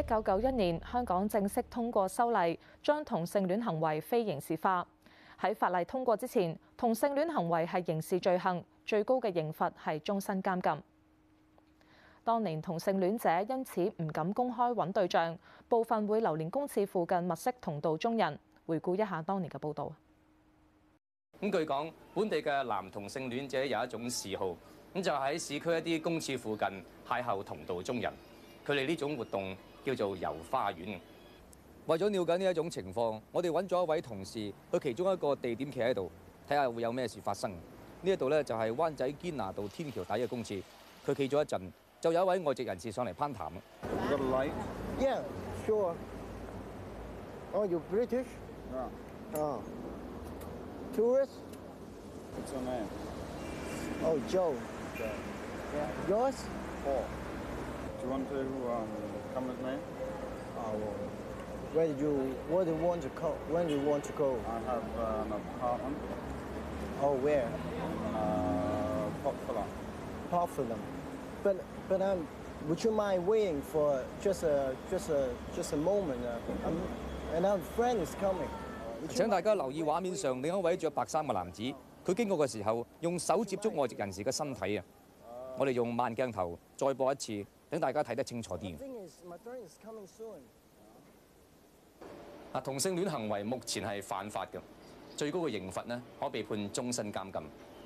一九九一年，香港正式通過修例，將同性戀行為非刑事化。喺法例通過之前，同性戀行為係刑事罪行，最高嘅刑罰係終身監禁。當年同性戀者因此唔敢公開揾對象，部分會留連公廁附近物色同道中人。回顧一下當年嘅報導。咁據講，本地嘅男同性戀者有一種嗜好，咁就喺、是、市區一啲公廁附近邂逅同道中人。佢哋呢種活動，叫做油花園。為咗了解呢一種情況，我哋揾咗一位同事去其中一個地點企喺度睇下會有咩事發生。呢一度咧，就係灣仔堅拿道天橋底嘅公廁。佢企咗一陣，就有一位外籍人士上嚟攀談。like yeah sure 請大家留意畫面上另一位着白衫嘅男子，佢、oh. 經過嘅時候用手接觸外籍人士嘅身體啊！我哋用慢鏡頭再播一次。等大家睇得清楚啲。啊，同性戀行為目前係犯法嘅，最高嘅刑罰呢，可被判終身監禁。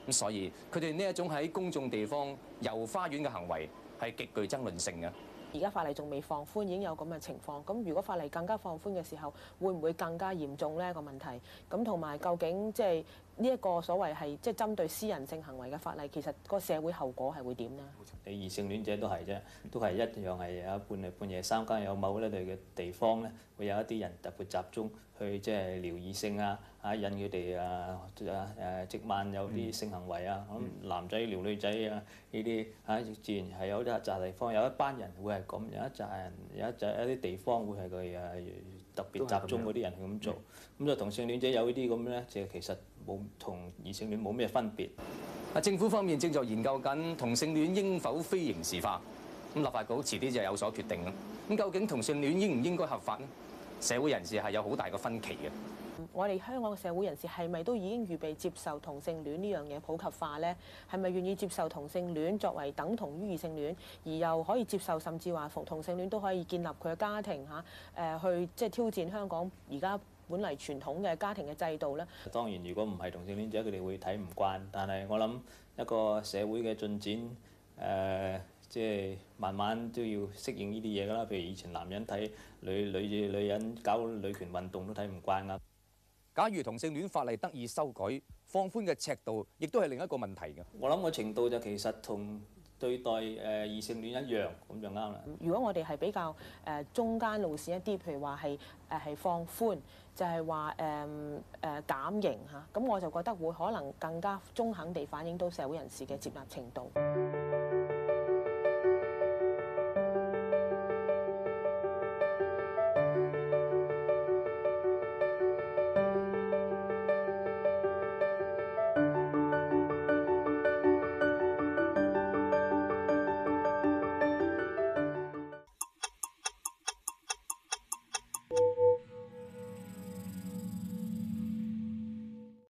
咁所以佢哋呢一種喺公眾地方遊花園嘅行為係極具爭論性嘅。而家法例仲未放寬，已經有咁嘅情況。咁如果法例更加放寬嘅時候，會唔會更加嚴重呢？一個問題。咁同埋究竟即係呢一個所謂係即係針對私人性行為嘅法例，其實個社會後果係會點咧？你異性戀者都係啫，都係一樣係啊，半夜半夜三更有某一類嘅地方咧，會有一啲人特別集中去即係撩異性啊，啊引佢哋啊啊啊即晚有啲性行為啊，咁男仔撩女仔啊呢啲啊自然係有啲客雜地方，有一班人會係咁，有一紮人有一扎一啲地方會係佢啊。特別集中嗰啲人係咁做，咁就同性戀者有呢啲咁咧，就係、其實冇同異性戀冇咩分別。啊，政府方面正在研究緊同性戀應否非刑事化，咁立法局遲啲就有所決定啦。咁究竟同性戀應唔應該合法咧？社會人士係有好大個分歧嘅。我哋香港嘅社會人士係咪都已經預備接受同性戀呢樣嘢普及化呢？係咪願意接受同性戀作為等同於異性戀，而又可以接受甚至話同性戀都可以建立佢嘅家庭嚇？去即係挑戰香港而家本嚟傳統嘅家庭嘅制度呢？當然，如果唔係同性戀者，佢哋會睇唔慣。但係我諗一個社會嘅進展，呃即係慢慢都要適應呢啲嘢㗎啦。譬如以前男人睇女女女人搞女權運動都睇唔慣㗎。假如同性戀法例得以修改、放寬嘅尺度，亦都係另一個問題㗎。我諗個程度就其實同對待誒異性戀一樣，咁就啱啦。如果我哋係比較誒中間路線一啲，譬如話係誒係放寬，就係話誒誒減刑嚇，咁我就覺得會可能更加中肯地反映到社會人士嘅接納程度。